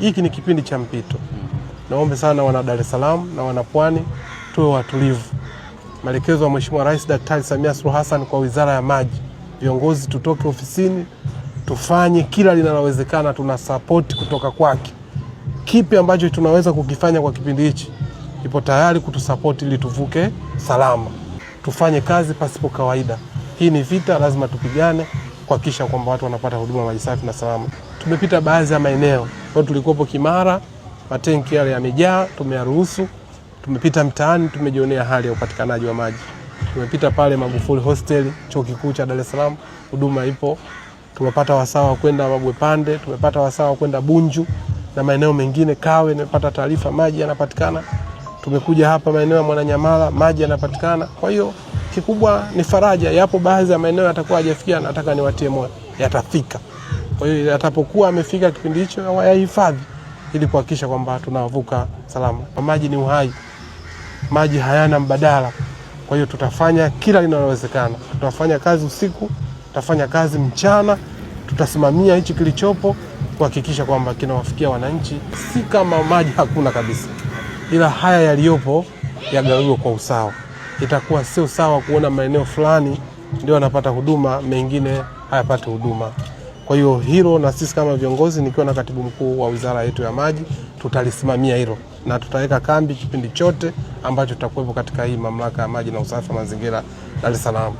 hiki ni kipindi cha mpito. Naombe sana wana Dar es Salaam na wana Pwani tuwe watulivu. Maelekezo ya Mheshimiwa Rais Daktari Samia Suluhu Hassan kwa Wizara ya Maji, viongozi tutoke ofisini tufanye kila linalowezekana, tuna sapoti kutoka kwake. Kipi ambacho tunaweza kukifanya kwa kipindi hichi, ipo tayari kutusapoti ili tuvuke salama. Tufanye kazi pasipo kawaida. Hii ni vita, lazima tupigane kuhakikisha kwamba watu wanapata huduma maji safi na salama. Tumepita baadhi ya maeneo kwa tulikuwepo Kimara, matenki yale yamejaa, tumeyaruhusu. Tumepita mtaani, tumejionea hali ya upatikanaji wa maji. Tumepita pale Magufuli Hostel, chuo kikuu cha Dar es Salaam, huduma ipo. Tumepata wasawa kwenda Pande, tumepata wasawa kwenda Bunju na maeneo mengine Kawe, nimepata taarifa maji yanapatikana tumekuja hapa maeneo ya Mwananyamala, maji yanapatikana. Kwa hiyo kikubwa ni faraja. Yapo baadhi ya maeneo yatakuwa hajafikia, nataka niwatie moyo, yatafika. Kwa hiyo yatapokuwa amefika kipindi hicho, wayahifadhi ili kuhakikisha kwamba tunavuka salama. Kwa Maji ni uhai, maji hayana mbadala. Kwa hiyo tutafanya kila linalowezekana, tutafanya kazi usiku, tutafanya kazi mchana, tutasimamia hichi kilichopo kuhakikisha kwamba kinawafikia wananchi, si kama maji hakuna kabisa ila haya yaliyopo yagawiwe kwa usawa. Itakuwa sio sawa kuona maeneo fulani ndio anapata huduma, mengine hayapati huduma. Kwa hiyo hilo, na sisi kama viongozi, nikiwa na katibu mkuu wa wizara yetu ya maji, tutalisimamia hilo na tutaweka kambi kipindi chote ambacho tutakuwepo katika hii mamlaka ya maji na usafi wa mazingira Dar es Salaam.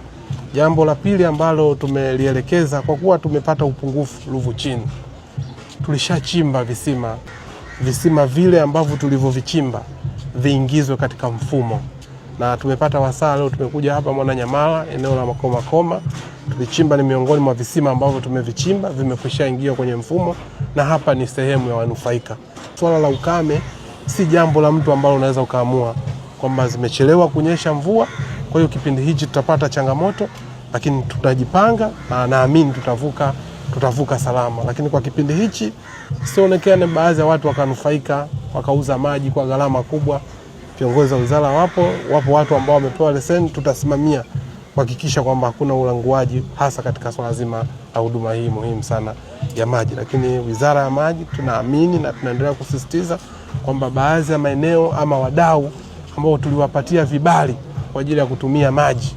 Jambo la pili ambalo tumelielekeza, kwa kuwa tumepata upungufu Ruvu Chini, tulishachimba visima visima vile ambavyo tulivyovichimba viingizwe katika mfumo, na tumepata wasaa leo. Tumekuja hapa Mwananyamala, eneo la Makoma Koma, tulichimba ni miongoni mwa visima ambavyo tumevichimba vimekwishaingia kwenye mfumo, na hapa ni sehemu ya wanufaika. Swala la ukame si jambo la mtu ambalo unaweza ukaamua kwamba zimechelewa kunyesha mvua, kwa hiyo kipindi hichi tutapata changamoto, lakini tutajipanga na naamini tutavuka tutavuka salama. Lakini kwa kipindi hichi sionekane baadhi ya watu wakanufaika wakauza maji kwa gharama kubwa. Viongozi wa wizara wapo, wapo watu ambao wamepewa leseni, tutasimamia kuhakikisha kwamba hakuna ulanguaji hasa katika swala zima la huduma hii muhimu sana ya maji. Lakini wizara ya maji tunaamini na tunaendelea kusisitiza kwamba baadhi ya maeneo ama wadau ambao tuliwapatia vibali kwa ajili ya kutumia maji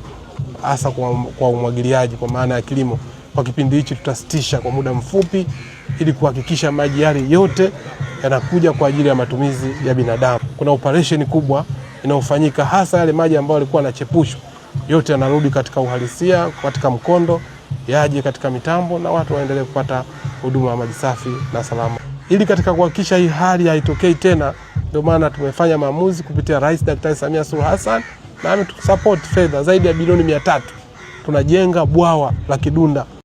hasa kwa, kwa umwagiliaji kwa maana ya kilimo kwa kipindi hichi tutasitisha kwa muda mfupi ili kuhakikisha maji yale yote yanakuja kwa ajili ya matumizi ya binadamu. Kuna operesheni kubwa inayofanyika, hasa yale maji ambayo yalikuwa yanachepushwa yote yanarudi katika uhalisia, katika mkondo, yaje katika mitambo na watu waendelee kupata huduma ya maji safi na salama. Ili katika kuhakikisha hii hali haitokei tena, ndio maana tumefanya maamuzi kupitia Rais Daktari Samia Suluhu Hassan na ametusupport fedha zaidi ya bilioni mia tatu tunajenga bwawa la Kidunda.